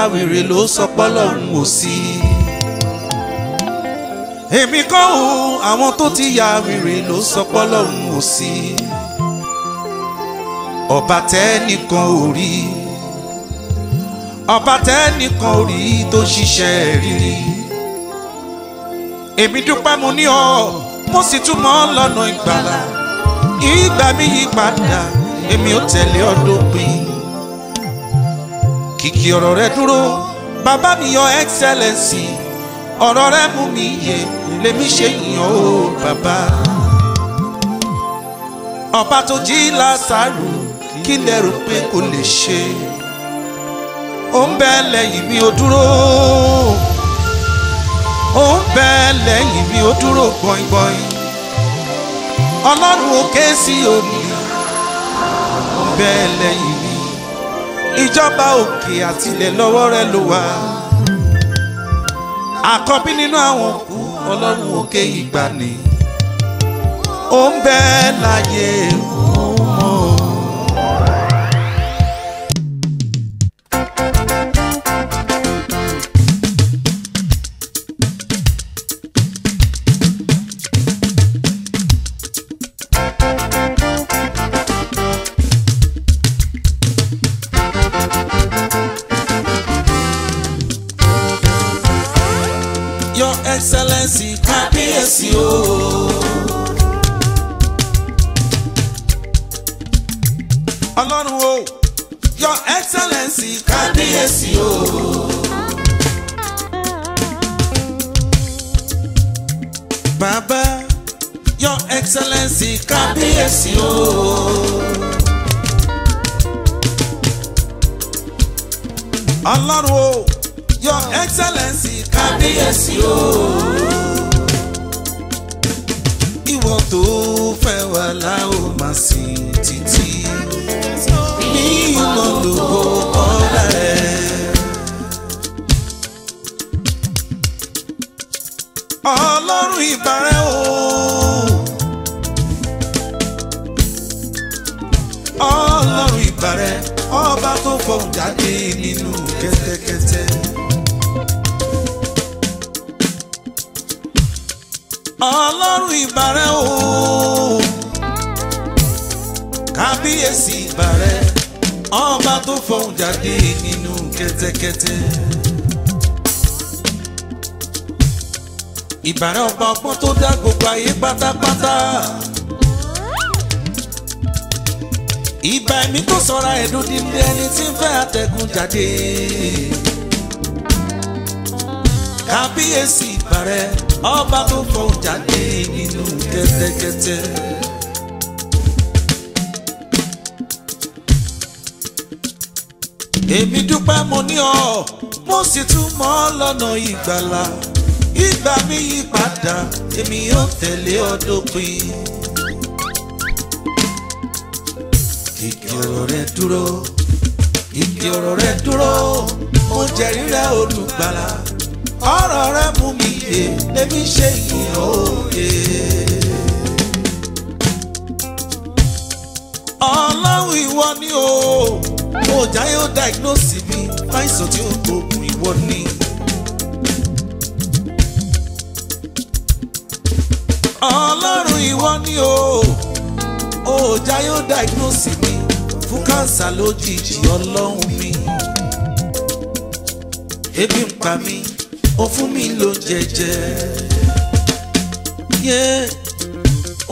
aláwèrè ló sọ pọ́lọ́hún ò sí. èmi kọ́ o àwọn tó ti ya wèrè ló sọ pọ́lọ́hún ò sí. ọba tẹ́nìkan ò rí ọba tẹ́nìkan ò rí tó ṣiṣẹ́ rírí. èmi dúpẹ́ mo ní ọ mo sì tún mọ́ lọ́nà ìgbàlà ìgbà mi yí padà èmi ò tẹ̀lé ọdún pin kìkì ọ̀rọ̀ rẹ dúró bàbá mi your excellency ọ̀rọ̀ rẹ mú mi yè lèmi ṣe yàn ó bàbá. ọba tó jí Lásárù kí lẹ rò pé kò lè ṣe ó ń bẹ lẹ́yìn mi ó dúró ó ń bẹ lẹ́yìn mi ó dúró gbọ̀ngbọ̀n ọlọ́run òkè sí òní ó ń bẹ lẹ́yìn ìjọba òkè àtìlẹ̀ lọ́wọ́ rẹ ló wà àkọ́bí nínú àwọn òkú ọlọ́run òkè ìgbàanì ó ń bẹ láyé o. ọlọ́run o your excellency kábíyèsí o. ìwọ tó fẹ́ wà láò máa sìn títí ní ìmọ̀ lòbó ọ̀la ẹ̀. ọlọ́run ìbàrẹ̀ o. ọlọ́run ìbàrẹ̀ ọba tó fọ̀hún jáde nínú kẹ́tẹ́kẹ́tẹ́. ọlọ́run ìbàrẹ̀ o kábíyèsí ìbàrẹ̀ ọba tó fọhùn jáde nínú kẹ́tẹ́kẹ́tẹ́. ìbàrẹ̀ ọba ọgbọ́n tó dá gbogbo ayé pátápátá. ìbà ẹ̀mí tó sọra ẹ̀dùn dídé ẹni tí ń fẹ́ àtẹ̀gùn jáde. kábíyèsí ìbàrẹ̀ ọba tó fọhùn jáde nínú kẹ́tẹ́kẹ́tẹ́. èmi dúpẹ́ mo ní ọ mo sì tún mọ́ lọ́nà ìgbàlà ìgbà mi yí padà èmi yóò tẹ̀lé ọ dópin. ìkì ọ̀rọ̀ rẹ dúró ìkì ọ̀rọ̀ rẹ dúró mo jẹ́rìí rẹ olùgbàlà ọ̀rọ̀ rẹ mú mi yè lèmi ṣe ìyàn òye. ọlọ́run ìwọ ni o mo jà yóò diagnose mi fáìsàn tí ó gbógun ìwọ ni. ọlọ́run ìwọ ni o ò já yóò diagnose fún kánsà lójijì ọlọ́run mi ebi ń pa mí ó fún mi ló jẹjẹ yé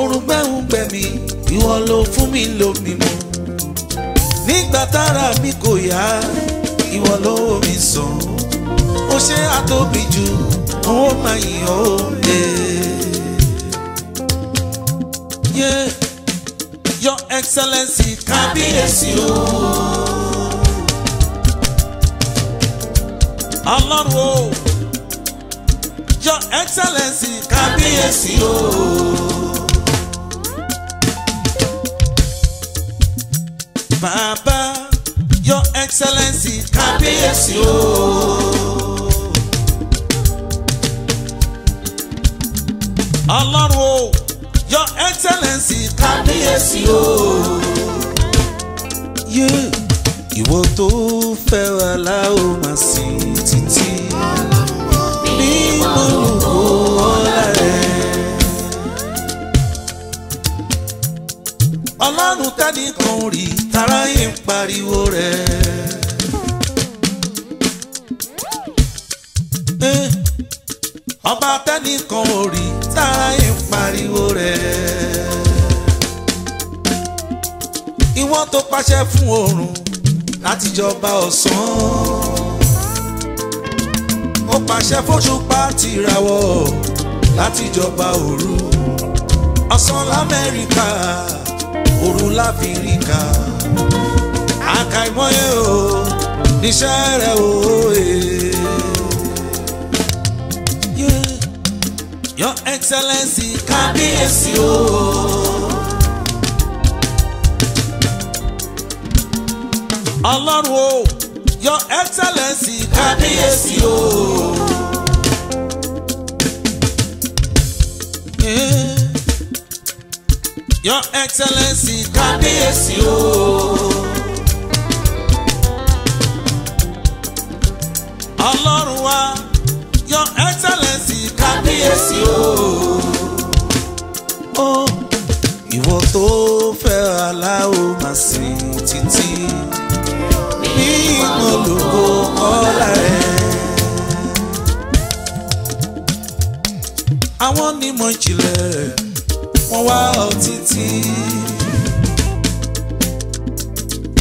orun gbẹ̀hún gbẹ̀mí ìwọ ló fún mi ló mímu nígbà tára mi kò yá ìwọ ló mi sàn ó ṣe àtòbí jù ó máa yìn ó lè. Yeah excellency kábíyèsí o. ọlọ́run o your excellency kábíyèsí o. bàbá your excellency kábíyèsí o. ọlọ́run o your excellency kábíyèsí o. yé ìwọ tó fẹ́ wà láò máa sí títí bí mo lù kó ọlá rẹ̀. ọlọ́run tẹ́nìkan rí taráyé ń pariwo rẹ̀. ọba tẹ́nìkan ò rí taráyé ń pariwo rẹ̀ wọ́n tó pàṣẹ fún oòrùn láti jọba ọ̀sán. ó pàṣẹ fóṣùpá tìràwọ̀ láti jọba òru. ọ̀sán lamẹ́ríkà òru láfíríkà. àkàìmọye o níṣẹ́ rẹ̀ òye. Your Excellency, kábíyèsí o. ọlọ́run o your excellency kábíyèsí o. your excellency kábíyèsí o. ọlọ́run wa your excellency kábíyèsí o. ìwọ tó fẹ́ aláwo màsìn títí mo lògo ọlá rẹ̀. àwọn onímọ̀ ìjìnlẹ̀ wọ́n wá ọ títí.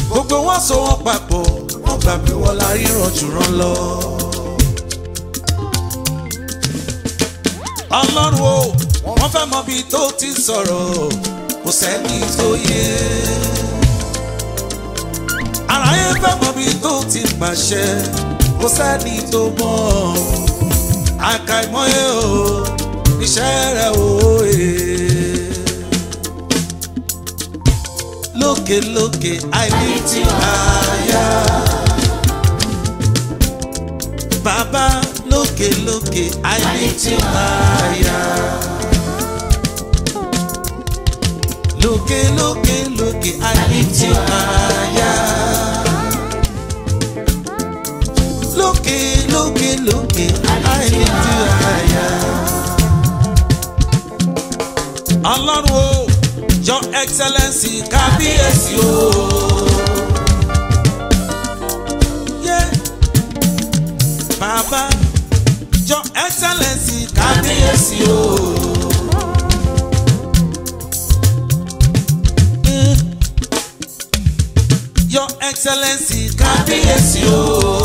gbogbo wọn so wọn papọ̀ wọ́n gbà pé wọ́n la ríran jùrán lọ. ọlọ́run o wọ́n fẹ́ mọ ibi tó ti sọ̀rọ̀ kò sẹ́ni tó yé ayé fẹ́ mọ̀ bí tó ti pàṣẹ kò sẹ́ni tó mọ̀ àkàìmọye o iṣẹ́ rẹ̀ òye. lókè lókè àìní ti àyà bàbá lókè lókè àìní ti àyà. lókè lókè lókè àìní ti àyà. lókè lókè lókè àìní ju àyà. ọlọ́run o your excellency kábíyèsí o. Yeah. bàbá your excellency kábíyèsí o. Mm. Your Excellency, kábíyèsí o.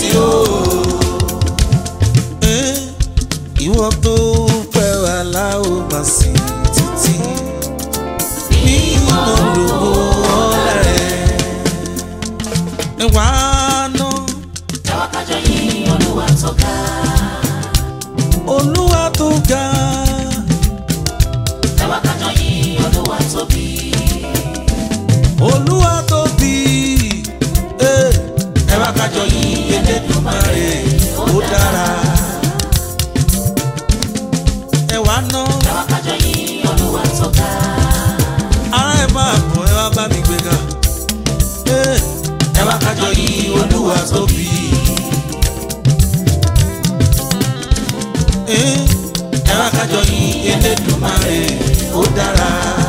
sí o. Eh, ìwọ tó fẹ́ wà láò máa sìn títí mímọ́ rògbò ọ̀la rẹ̀ wá. Eh, ẹ wá kájọ yìn Elédùmarè ó dára.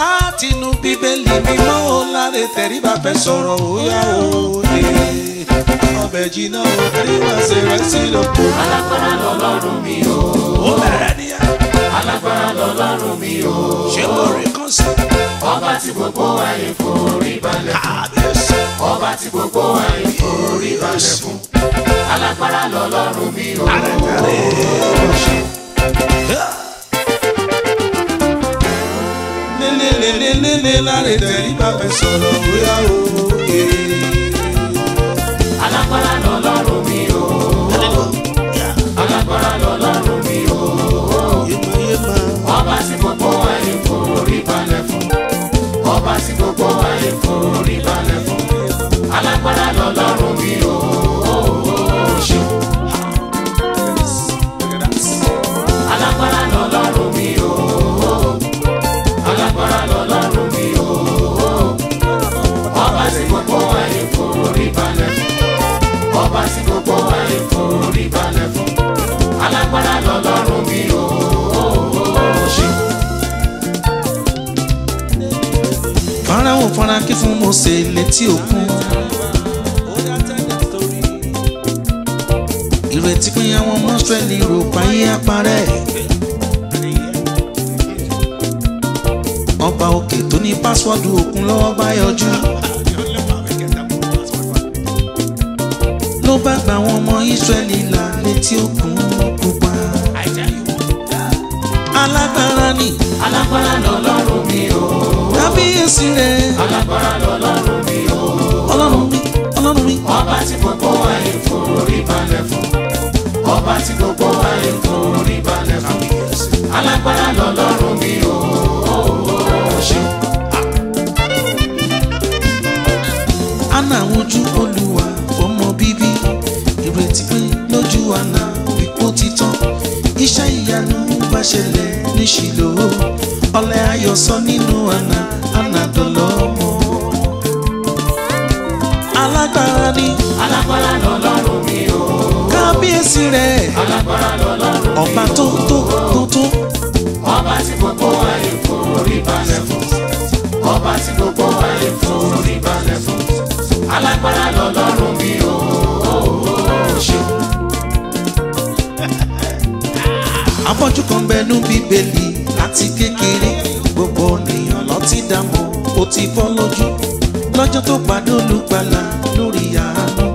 látinú bíbélì mímọ́ ó láre tẹ̀ríba fẹ́ sọ̀rọ̀ òyà òde ọbẹ̀ jìnnà òkèrè wá ṣe rẹ̀ sí lóko. alágbára lọ́lọ́run mi o. ó bẹ̀rẹ̀ níyà. alágbára lọ́lọ́run mi o. ṣé mo rí kan sí. ọba tí gbogbo ayé forí balẹ̀ fún. ọba tí gbogbo ayé forí balẹ̀ fún. alágbára lọ́lọ́run mi o. àrẹ̀tàrẹ̀ ó lélelélele láre tẹ̀rí bá fẹ́ sọ̀rọ̀ bóyá o. alágbára lọ́lọ́run mi o. alágbára lọ́lọ́run mi o. ọba tí gbogbo tí gbogbo ayé forí balẹ̀ fún alágbára lọ́lọ́run mi ò ṣe. Fáráhùn fara kí fún Mósè létí òkun. ìrètí pé àwọn ọmọ Ísírẹ́lì rò páyé àparẹ́. ọba òkè tó ní pásíwọ́ọ̀dù òkun lọ́wọ́ bá yọjú. tó bá gba àwọn ọmọ Ísírẹ́lì là létí òkun pupa. alágbára ni. alágbára lọ́lọ́run mi o. kábíyèsí rẹ̀. alágbára lọ́lọ́run mi o. ọlọ́run mi ọlọ́run mi. ọba tí gbogbo ayé forí balẹ̀ fún. ọba tí gbogbo ayé forí balẹ̀ fún. alágbára lọ́lọ́run mi o. ana wojú olùwà. bá ṣẹlẹ̀ ní ṣìlò ọlẹ́ ayọ̀ sọ nínú àná ànàdọ̀lọ́ mọ́. alágbára ni. alágbára lọ́lọ́run mi o. kábíyèsí rẹ̀. alágbára lọ́lọ́run mi o. ọba tó tó tó tó. ọba tí gbogbo ayé forí balẹ̀ fún. ọba tí gbogbo ayé forí balẹ̀ fún. alágbára lọ́lọ́run mi o. ṣeun. afọ́jú kan bẹnu bíbélì láti kékeré gbogbo ènìyàn ló ti dá ó ti fọ́ lójú lọ́jọ́ tó pàdé olùgbàlà lórí àánú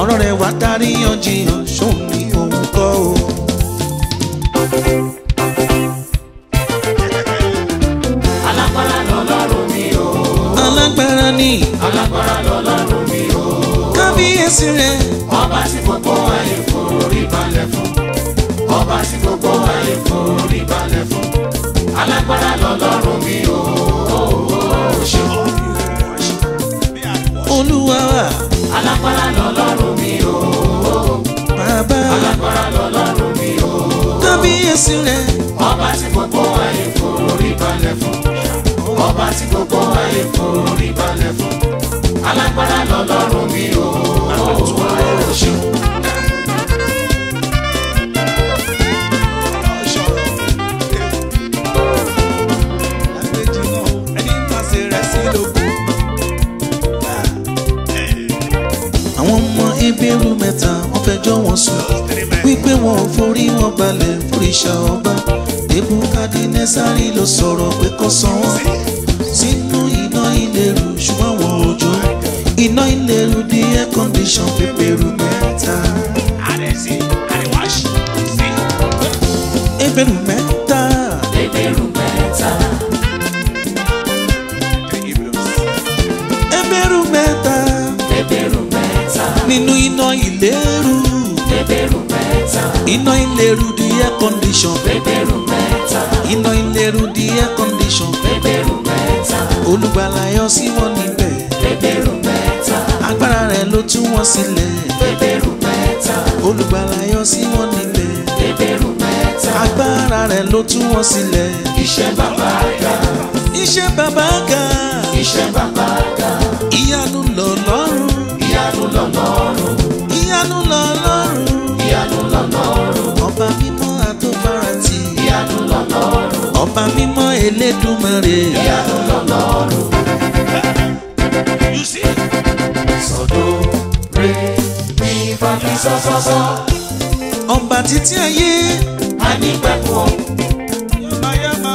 ọ̀rọ̀ rẹ̀ wá dárí yanjiyàn ṣóun ni òun kọ́ o. alágbára ni. alágbára lọ́lọ́run mi o. kábíyèsí rẹ̀. ọba tí gbogbo ayé forí balẹ̀ fún. ọba tí ayé forí balẹ̀ fún alágbára lọ́lọ́run mi o ṣe o. olúwa alágbára lọ́lọ́run mi o bàbá alágbára lọ́lọ́run mi o. kábíyèsí rẹ. ọba tí gbogbo ayé forí balẹ̀ fún ọba tí gbogbo ayé forí balẹ̀ fún alágbára lọ́lọ́run mi o ṣe o. bẹ́rù mẹ́ta wọ́n fẹjọ́ wọn sùn wípé wọn ò forí wọn balẹ̀ fòrìṣà ọba ebukade nẹ́sàrí ló sọ̀rọ̀ pé kó san wọ́n sínú iná ìlérú ṣùgbọ́n wọn ò jó iná ìlérú di air condition pépérù iná ìlérú di air condition. bẹ́bẹ̀rù mẹ́ta. iná ìlérú di air condition. bẹ́bẹ̀rù mẹ́ta. olùgbàlà yọ sí wọn níbẹ̀. bẹ́bẹ̀rù mẹ́ta. agbára rẹ̀ ló tú wọn sílẹ̀. bẹ́bẹ̀rù mẹ́ta. olùgbàlà yọ sí wọn níbẹ̀. bẹ́bẹ̀rù mẹ́ta. agbára rẹ̀ ló tú wọn sílẹ̀. iṣẹ́ bàbá ga. iṣẹ́ bàbá ga. iṣẹ́ bàbá ga. ìyanu lọ́lọ́run. ìyanu lọ́lọ́run. ọba mímọ́ elédùmarè. ìyanu lọ́lọ́run. you see. sọ́dọ̀ rẹ̀ ní fàmí sọ́sọ́sọ́. ọba títí ayé. a ní pẹ̀kọ́. yamayama.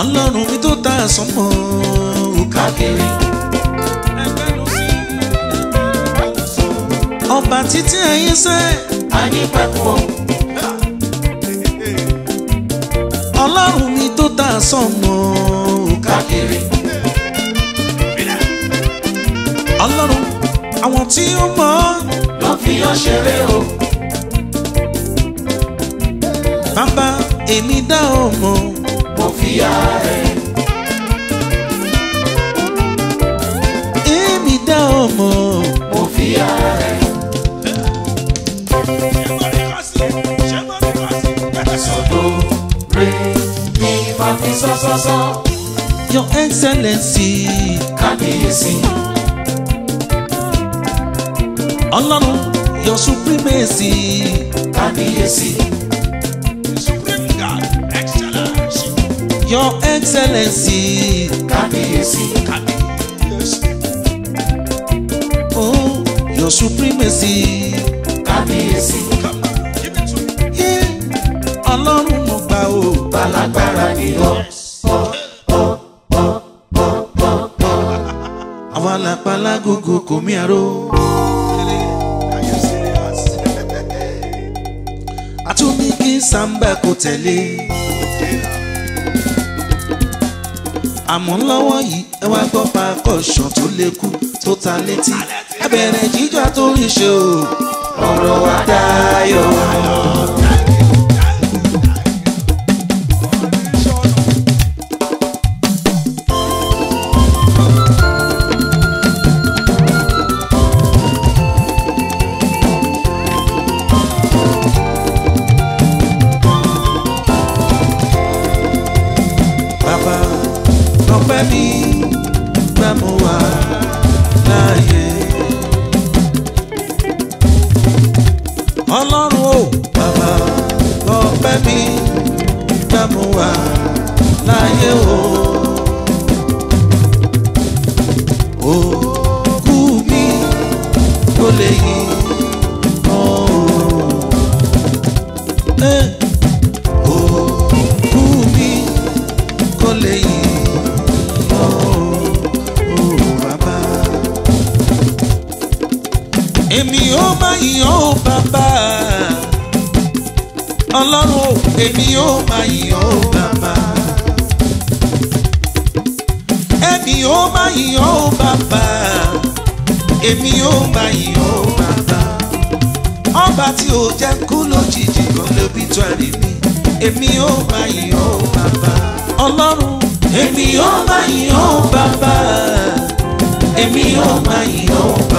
ọlọ́run mi tó ta àsomọ́ òkàkiri. ọba títí ayé sẹ́. a ní pẹ̀kọ́. ọlọ́run mi tó ta sọmọ káàkiri. ọlọ́run àwọn tí ó mọ̀ ló fi hàn ṣeré o. bàbá èmi dá ọ mọ̀ mo fi yá rẹ̀. èmi dá ọ mọ̀ mo fi yá rẹ̀. sọ. Your Excellency. Kábíyèsí. Ọlọ́run Your Supremacy. Kábíyèsí. Your Excellency. Kábíyèsí. Oh, Your Supremacy. Kábíyèsí. Ọlọ́run mo gbà o. Balagbara ni ọ. gugu kumiaro. Atumi kí Samba kò tẹ̀lé. Àmọ́ lọ́wọ́ yìí ẹ wá gbọ́ pa akọ̀ṣàn tó lékú tó ta létí. Ẹ bẹ̀rẹ̀ jíjọ́ àtòrí ṣe o, ọ̀rọ̀ wa dáyọ̀.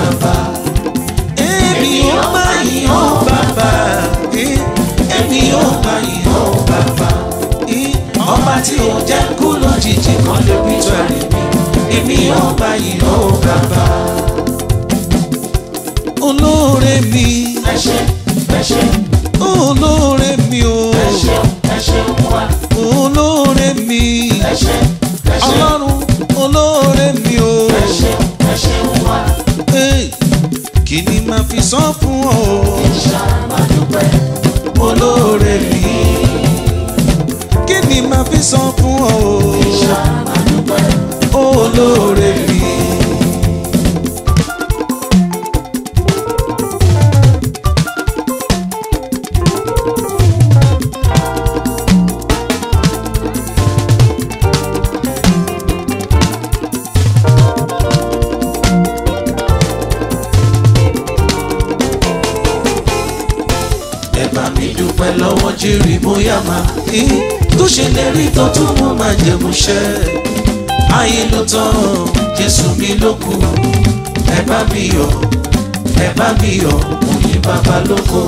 bàbá èmi ò máa yìn ọ́ bàbá èmi ò máa yìn ọ́ bàbá ọba tí ò jẹ́ kú lójijì kan lè bí tó àlè mi èmi ò máa yìn ọ́ olóore mi ẹ ṣé olóore mi o ẹ ṣé ẹ olóore mi ẹ ṣé ọlọ́run. kí ni màá fi san fún ọ. ìṣàmàdúpẹ́ olóore mi. kí ni màá fi san fún ọ. ìṣàmàdúpẹ́ olóore. tó tún mú máa jẹ̀mú ṣẹ́ ayé ló tán jésù mi ló kù ẹ bá mi yọ̀ ẹ bá mi yọ̀ òyìn bàbá lóko.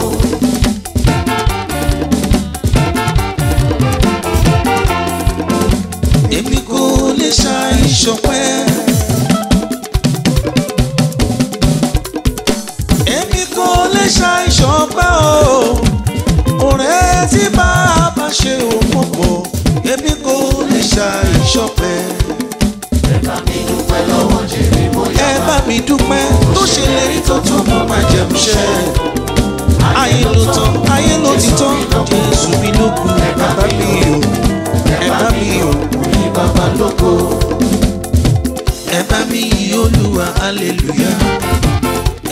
ṣe ayé ló tán ayé ló ti tán jésù mi ló kù bàbá mi o ẹ bá mi o ní bàbá lóko ẹ bá mi yí olúwa hallelujah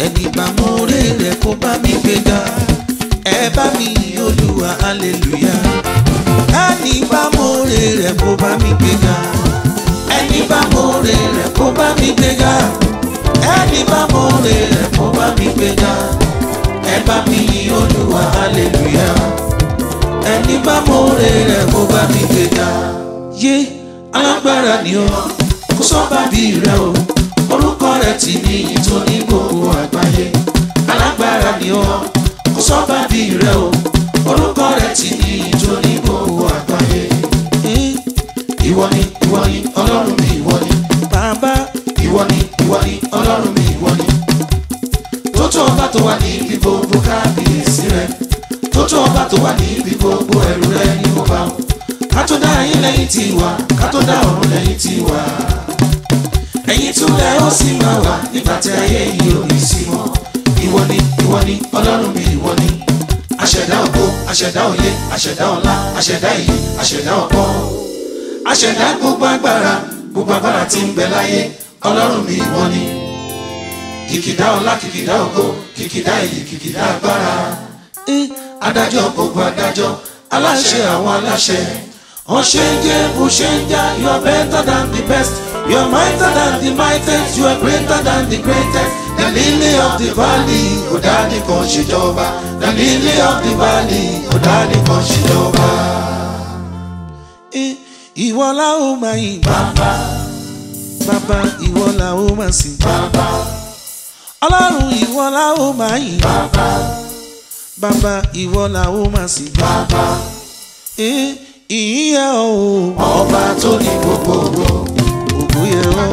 ẹni bá mú rere kó bá mi. bá mi yí olúwa hallelujah ẹni bá mọ oore rẹ̀ kó bá mi gbéga. yé alágbára ni ọ kó sọ́ba bí rẹ o orúkọ rẹ ti ní ìtòní gbogbo àgbáyé alágbára ni ọ kó sọ́ba bí rẹ o orúkọ rẹ ti ní ìtòní gbogbo àgbáyé. ìwọ ni ìwọ ni ọlọ́run mi ìwọ ni. bàbá ìwọ ni níbi gbogbo ẹ̀rù rẹ ni mo bá wọn ká tó dá ayé lẹ́yìn tí wà ká tó dá ọ̀run lẹ́yìn tí wà ẹ̀yin tún lẹ ó sì máa wà nígbà tí ayé yìí ò ní sí mọ́ ìwọ ni ìwọ ni ọlọ́run mi ìwọ ni aṣẹ̀dá ògo aṣẹ̀dá òye aṣẹ̀dá ọlá aṣẹ̀dá ìyè aṣẹ̀dá ọ̀pọ̀ aṣẹ̀dá gbogbo agbára gbogbo agbára tí ń bẹ láyé ọlọ́run mi ìwọ ni kìkìdá ọlá kìkìdá ògo kìkìdá ìyè kìkìdá agbára. Eh adájọ́ gbogbo adájọ́ aláṣẹ àwọn aláṣẹ. ó ṣe ń jẹ́ ó ṣe ń já you are better than the best you are mightier than the mightiest you are greater than the greatest. the lily of the valley ọ̀dà nìkan ṣèjọba the lily of the valley ọ̀dà nìkan ṣèjọba. ìwọ la ó máa yìn bàbá bàbá ìwọ la ó máa bàbá ọlọ́run ìwọ la ó máa bàbá. Baba ìwọ làwọn máa sì bàbá ìyìn yẹ o. ọba tó ní gbogbogbò. ògo yẹ o.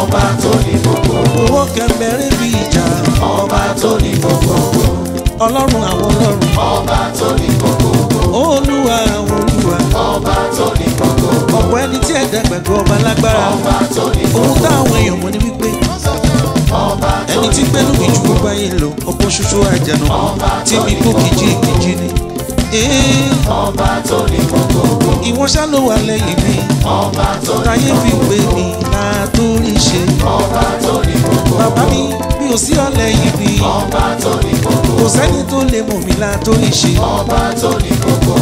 ọba tó ní gbogbogbò. owó kẹgbẹrẹ bí ìjà. ọba tó ní gbogbogbò. ọlọ́run àwọn ọlọ́run. ọba tó ní gbogbogbò. olúwa àwọn olúwa. ọba tó ní gbogbogbò. ọ̀pọ̀ ẹni tí ẹ̀dá gbàgbọ́ ọba lágbára. ọba tó ní gbogbogbò. ohun táwọn èèyàn mọ̀ ni wípé ẹni tí gbẹ́nu mi ju gbogbo ayé lọ ọ̀pọ̀ ṣoṣo àjànà tí mi kó kìjì kìjì ni. ọba tó ní gbogbo. ìwọ ṣá ló wà lẹ́yìn mi. ọba tó ní gbogbo. táyé fi gbé mi látòrí ṣe. ọba tó ní gbogbo. bàbá mi mi ò sí ọ̀lẹ́ yìí mi. ọba tó ní gbogbo. kò sẹ́ni tó lè mọ̀ mí látòrí ṣe. ọba tó ní gbogbo.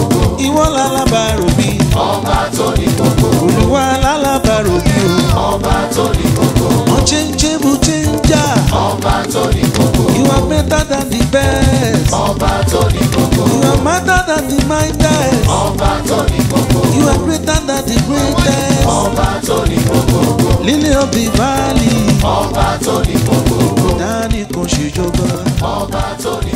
ìwọ lálábàárò mi. ọba tó ní gbogbo. olúwa lálábàárò mi o. ọba tó ní gbogbo unchangeable changer. ọba tó ní gbogbo. you are better than the best. ọba tó ní gbogbo. you are better than the mightest. ọba tó ní gbogbo. you are greater than the greatest. ọba tó ní gbogbo. lílé ọbí báàlì. ọba tó ní gbogbo. dání kò ṣèjọba. ọba tó ní.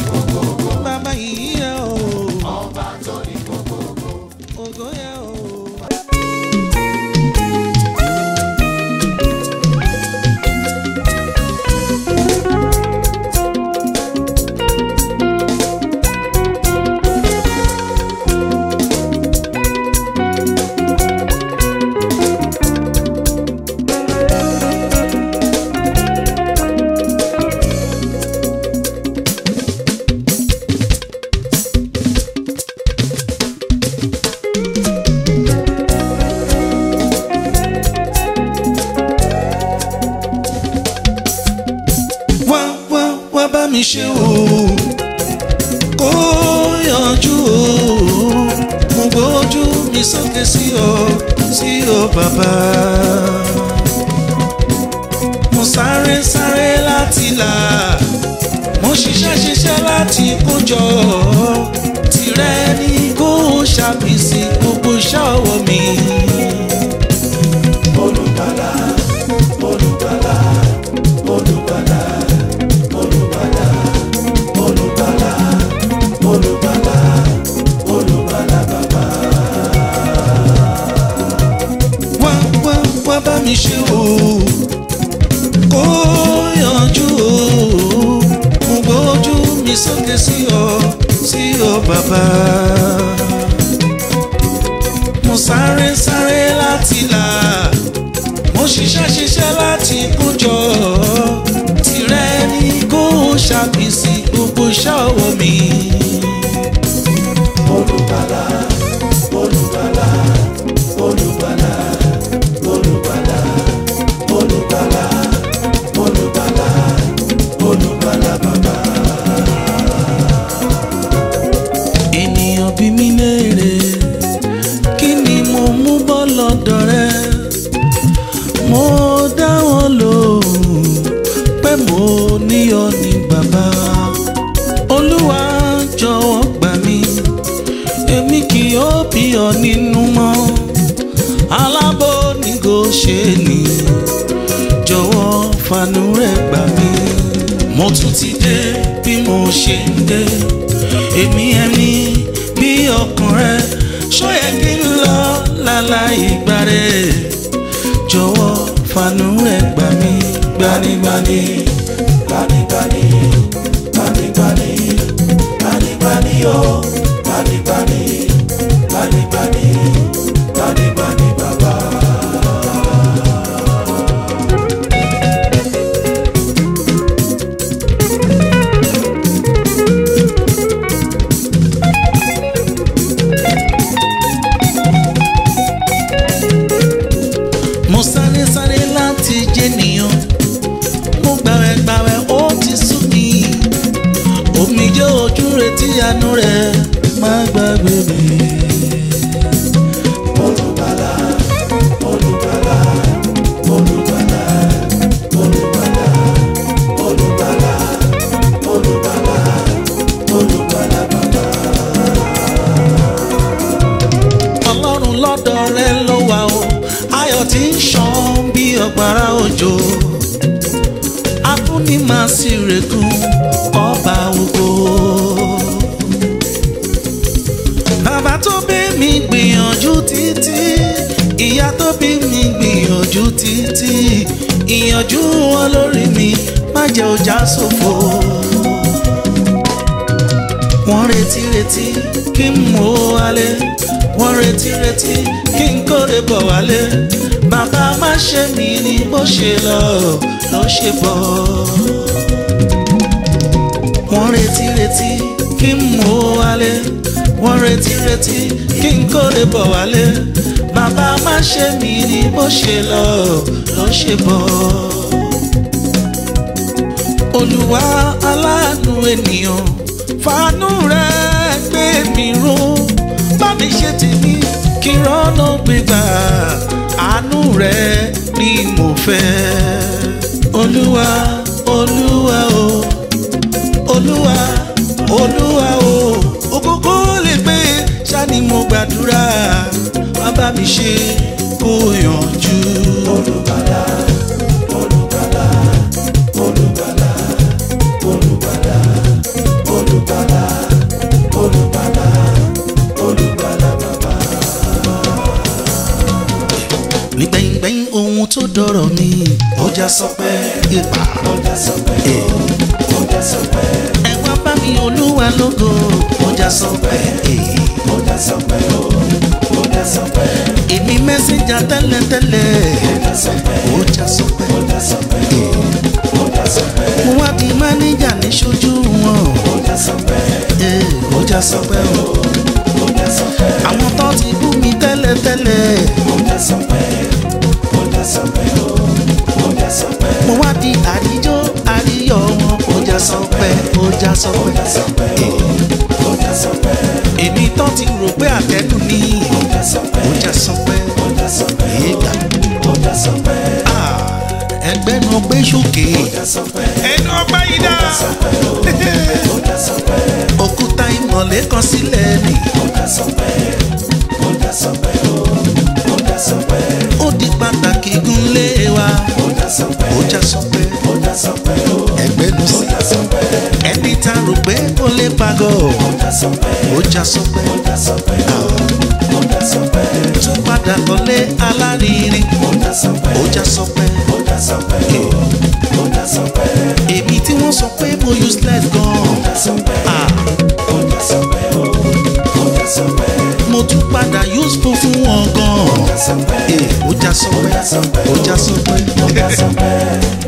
up. fojú retí àánú rẹ̀ má gbàgbé mi. yanjú wọn lórí mi má jẹ́ ọjà ṣòfò. wọ́n retí retí kí n mú wálé wọ́n retí retí kí n kórè bọ̀ wálé bàbá má ṣe mí ní bó ṣe lọ ló ṣe bọ̀. wọ́n retí retí kí n mú wálé wọ́n retí retí kí n kórè bọ̀ wálé bàbá má ṣe mí ni bó ṣe lọ ló ṣe bọ̀. olúwa aláàánú ènìyàn fàánú rẹ gbé mi rún bá mi ṣe tèmi kí rọ́nà gbégbà àánú rẹ ni mo fẹ́. olúwa olúwa o olúwa olúwa o ògógó lè gbé ṣá ni mo gbàdúrà bá mi ṣe kó yanjú. olùgbàlà olùgbàlà olùgbàlà olùgbàlà olùgbàlà olùgbàlà olùgbàlà bàbá. nígbẹ̀yìngbẹ̀yìn ohun tó dọ̀rọ̀ mi. ó já sọpẹ́ ipa ó já sọpẹ́ ó já sọpẹ́. ẹ wá bá mi olúwa lógo. ó já sọpẹ́ ó já sọpẹ́ o èmi mẹ́sẹ̀njà tẹ́lẹ̀tẹ́lẹ̀ ó já sọpẹ́ mo wá di mánéjà ní ṣojú wọn ó já sọpẹ́ o àwọn tó ti bú mi tẹ́lẹ̀tẹ́lẹ̀ ó já sọpẹ́ ó já sọpẹ́ o mo wá di àríjó àríyọ̀ wọn já sọpẹ́ ó já sọpẹ́ ó já sọpẹ́ èmi tó ti rò pé àtẹ́dùn ní ó já sọpẹ́ ó já sọpẹ́ èèdà ó já sọpẹ́ ah, ẹgbẹ́ nu ọgbẹ́ sókè ẹnu ọgbẹ́ yìí dá òkúta ìmọ̀lẹ́ sílẹ̀. ó já sọpẹ́ ó tún padà lọlé alárinrin ó já sọpẹ́ èmi tí wọ́n sọ pé mo useless gan-an mo tún padà useful fún wọn gan-an ó já sọpẹ́ ó já sọpẹ́ ó já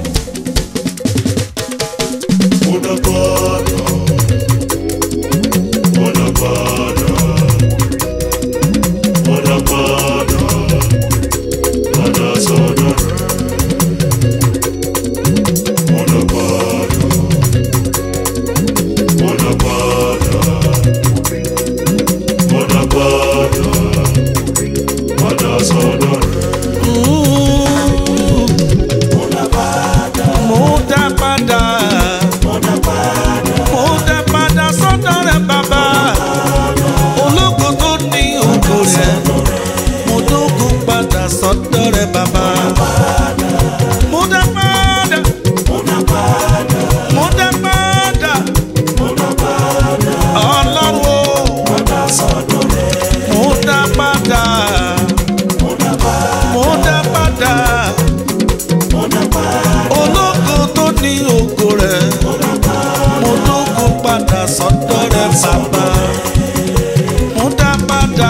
baba mudabada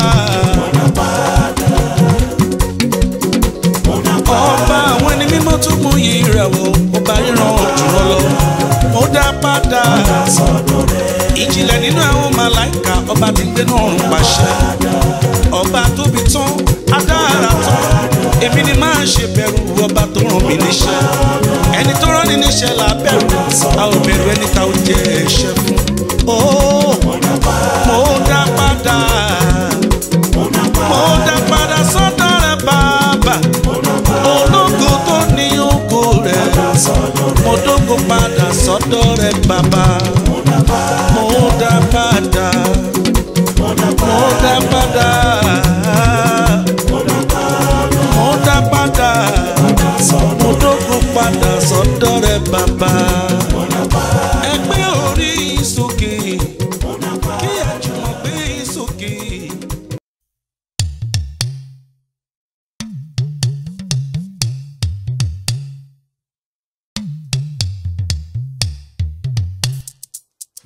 ọba àwọn ẹni mímọ́ tó mú yìí rẹ̀ wò ọba ríran òjò lọ mudabada ìjìnlẹ̀ nínú àwọn màláìka ọba tí ń gbé náà ń pàṣẹ ọba tóbi tán adára tán èmi ni máa ṣe bẹ̀rù ọba tó ràn mí níṣẹ́ ẹni tó rán ni níṣẹ́ là bẹ̀rù a ò bẹ̀rù ẹni ta ò jẹ́ ẹ̀ṣẹ̀ fún ga. Mo dá padà sọ́dọ̀ rẹ̀ bàbá. Ológo tó ní oko rẹ̀. Mo dógo pada. Mo dá padà.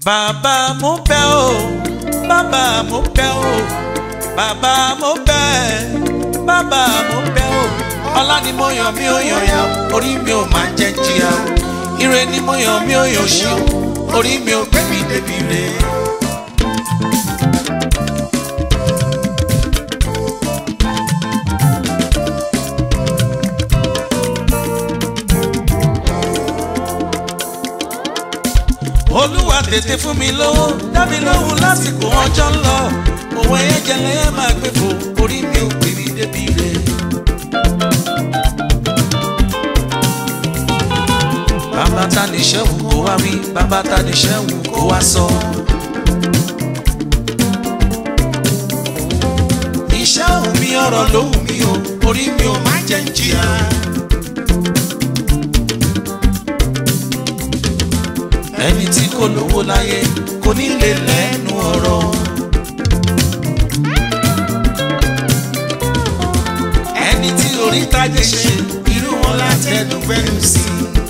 Baba mo bẹ̀ ọ́ baba mo bẹ̀ ọ́ bàbá mo bẹ̀ bàbá mo bẹ̀ ọ́ ọlá ni mo yàn mí ò yàn yà orí mi ò máa jẹ jìyà ire ni mo yàn mí ò yàn ṣí orí mi ò gbé débi rè é. má tètè fún mi lówó dá mi lóhùn lásìkò ọjọ́ ń lọ òwe ẹ̀jẹ̀lẹ̀ máa gbé fò orí mi ò pè mí débi rẹ̀. bàbá ta ni ṣẹ́wù kó wá wí bàbá ta ni ṣẹ́wù kó wá sọ. iṣẹ́ mi ọ̀rọ̀ lóhùn mi o orí mi ò má jẹ́ ń jìyà. kò lówó láyé kò ní lè lẹ́nu ọ̀rọ̀. ẹni tí orí tájé ṣe irú wọn látẹnu gbẹnu sí i.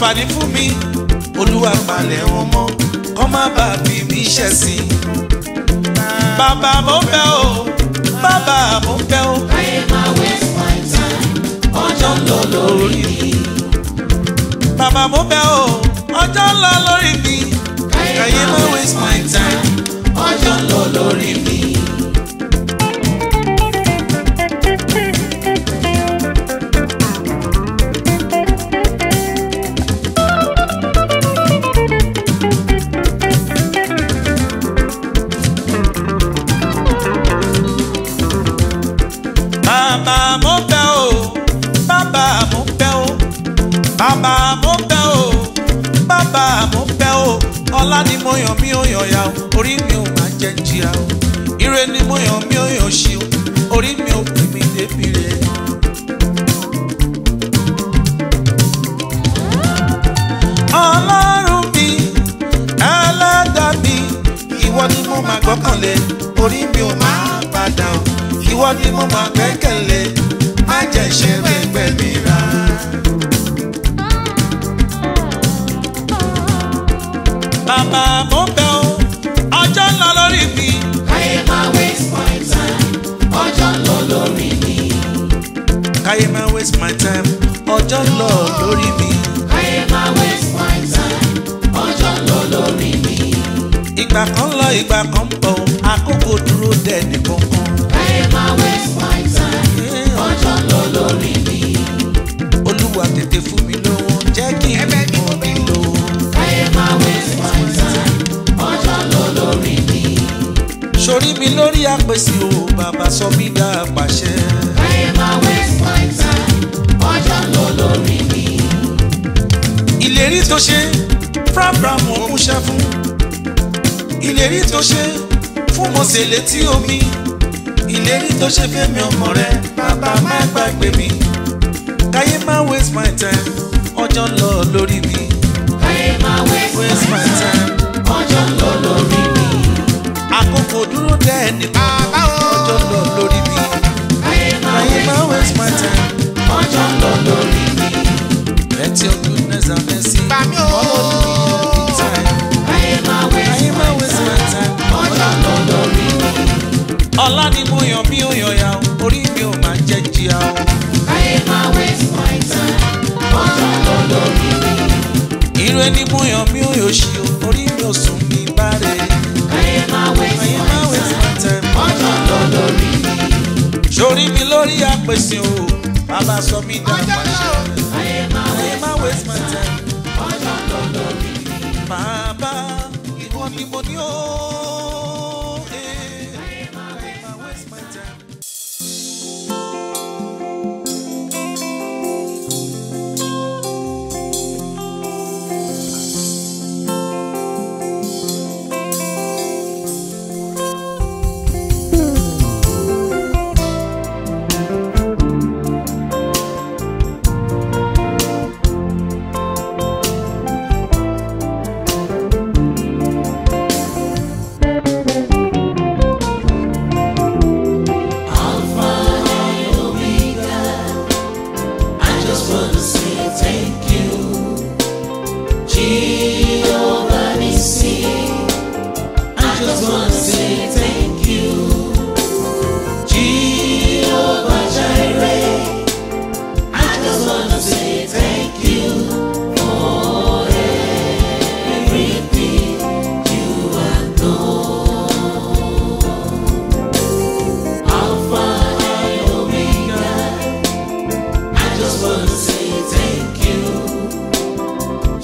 ṣàǹfààní fún mi olúwa palẹ̀ wọn kọ́ má bà bí mi ṣẹ̀ sí. bàbá mo fẹ́ o bàbá mo fẹ́ o. ayé máa waste my time ọjọ́ ń lọ lórí mi. bàbá mo fẹ́ o ọjọ́ ń lọ lórí mi. ayé máa waste my time ọjọ́ ń lọ lórí mi. ọlá ni mo yàn mí ò yàn ya orí mi ò máa jẹ jìyà o ire ni mo yàn mí ò yàn ṣe o orí mi ò pè mí débi rẹ. ọlọ́run mi ẹlẹ́dà mi ìwọ ni mo máa gbọ́kànlé orí mi ò máa padà o ìwọ ni mo máa gbẹ́kẹ̀lé má jẹ́ ìṣeré. waste my time ọjọ́ lọ lórí mi. ayé má waste my time ọjọ́ lọ lórí mi. ìgbà kan lọ ìgbà kan bọ̀ àkókò dúró dẹ̀ nìkan kan. ayé má waste my time ọjọ́ lọ lórí mi. olúwa tètè fún mi lówó jẹ́ kí n mọ̀ mí lò. ayé má waste my time ọjọ́ lọ lórí mi. sorí mi lórí àpèsè o bàbá sọ mí dá àpàṣẹ. ayé má waste ìlérí tó ṣe fúráfúrámù ọkùn ṣá fún ìlérí tó ṣe fún mọ̀sẹ̀ létí omi ìlérí tó ṣe fẹ́mi ọmọ rẹ bàbá má gbàgbé mi káyé má waste my time ọjọ́ ń lọ lórí mi. káyé má waste my time ọjọ́ ń lọ lórí mi. àkókò dúró dẹ ẹnìkan ọjọ́ ń lọ lórí mi. káyé má waste my time ọjọ́ ń lọ lórí mi. rẹ tí ó waste our mercy. Bàmí o. Ayé my time. Ọjọ́ ló lórí mi. ni mo yàn mí ò yọ̀yà o, orí mi my time. Ọjọ́ ló lórí mi. ni mo yàn mí ò yọ̀ṣì o, orí mi ò mí bá rẹ̀. Ayé máa my time. Ọjọ́ ló lórí mi. Sori mi lórí àpèsè o, bàbá waste my time. Papa. ìwọ ni mo money, oh.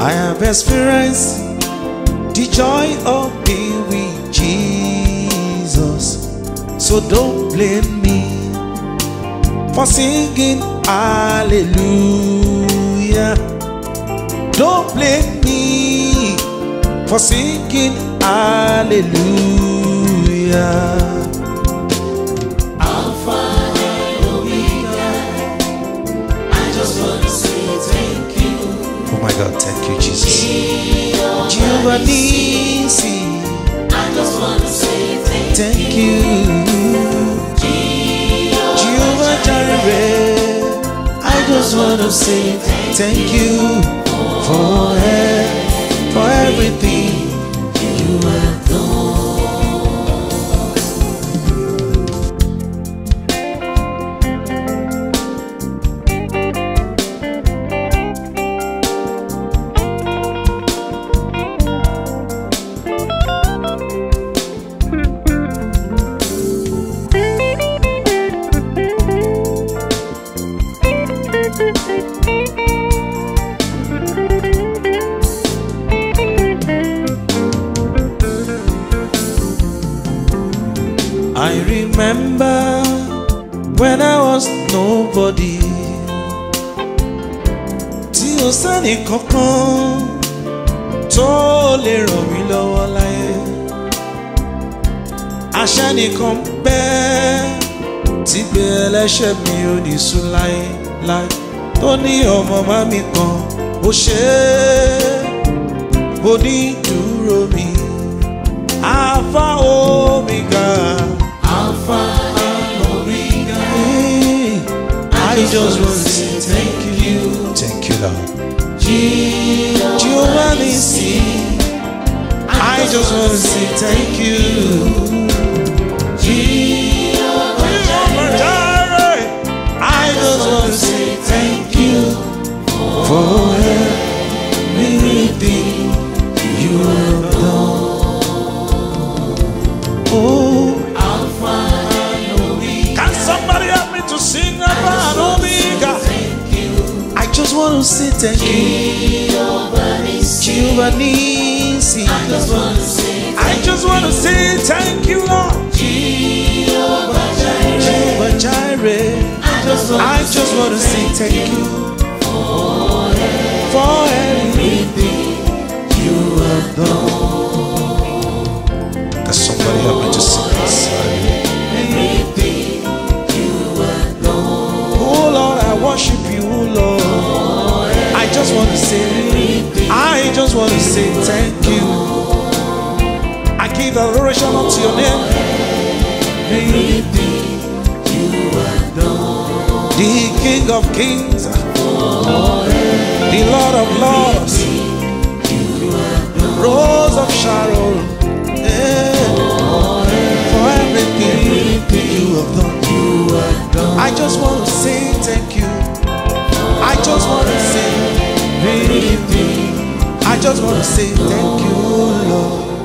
I have experienced the joy of being with Jesus. So don't blame me for singing hallelujah. Don't blame me for singing hallelujah. never easy. I just want to say thank, thank you. Jehovah Jireh, I just want to say thank you for, everything you are doing. ọmọ mami kan ó ṣe mi omega omega I just want to say thank you thank you Lord Jehovah I just want to say thank you. For you Oh, Alpha Can somebody help me to sing Omega? I just want to say thank you. I just want to say thank you, Jehovah Jireh. I just want to say thank you for everything you have done. Can somebody help me Everything you Oh Lord, I worship you, Lord. I just want to say, I just want to say thank you. I give unto your name. Everything you done. The King of Kings the Lord of Lords, Rose of Sharon, eh. for everything you have done. I just want to say thank you. I just want to say, I just want to say thank you, Lord.